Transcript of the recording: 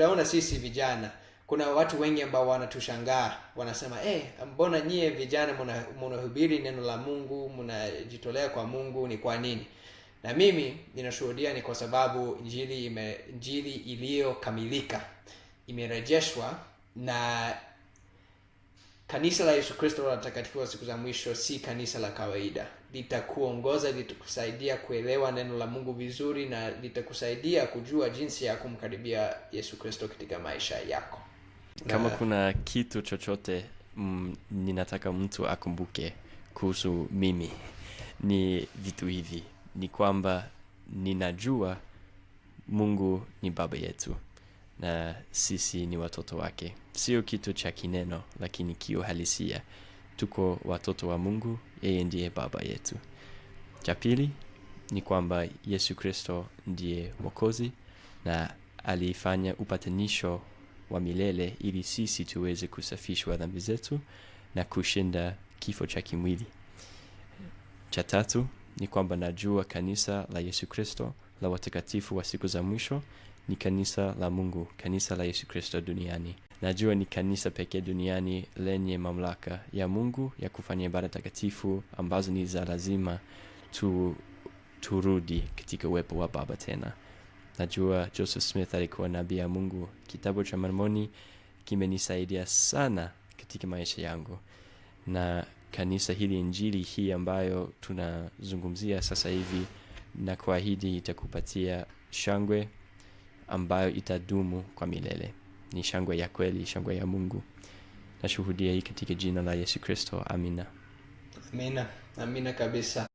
utaona sisi vijana kuna watu wengi ambao wanatushangaa wanasema eh, mbona nyie vijana mnahubiri neno la Mungu, mnajitolea kwa Mungu, ni kwa nini? Na mimi ninashuhudia ni kwa sababu njiri ime, injili iliyokamilika imerejeshwa na Kanisa la Yesu Kristo la takatifu wa siku za mwisho si kanisa la kawaida. Litakuongoza, litakusaidia kuelewa neno la Mungu vizuri, na litakusaidia kujua jinsi ya kumkaribia Yesu Kristo katika maisha yako. Kama na, kuna kitu chochote m, mm, ninataka mtu akumbuke kuhusu mimi, ni vitu hivi: ni kwamba ninajua Mungu ni baba yetu na sisi ni watoto wake, sio kitu cha kineno, lakini kiuhalisia. Tuko watoto wa Mungu, yeye ndiye baba yetu. Cha pili ni kwamba Yesu Kristo ndiye Mwokozi na alifanya upatanisho wa milele ili sisi tuweze kusafishwa dhambi zetu na kushinda kifo cha kimwili. Cha tatu ni kwamba najua kanisa la Yesu Kristo la watakatifu wa siku za mwisho ni kanisa la Mungu, kanisa la Yesu Kristo duniani. Najua ni kanisa pekee duniani lenye mamlaka ya Mungu ya kufanya ibada takatifu ambazo ni za lazima tu, turudi katika uwepo wa Baba tena. Najua Joseph Smith alikuwa nabii ya Mungu. Kitabu cha marmoni kimenisaidia sana katika maisha yangu, na kanisa hili, injili hii ambayo tunazungumzia sasa hivi, na kuahidi itakupatia shangwe ambayo itadumu kwa milele. Ni shangwe ya kweli, shangwe ya Mungu. Nashuhudia hii katika jina la Yesu Kristo. Amina, amina, amina kabisa.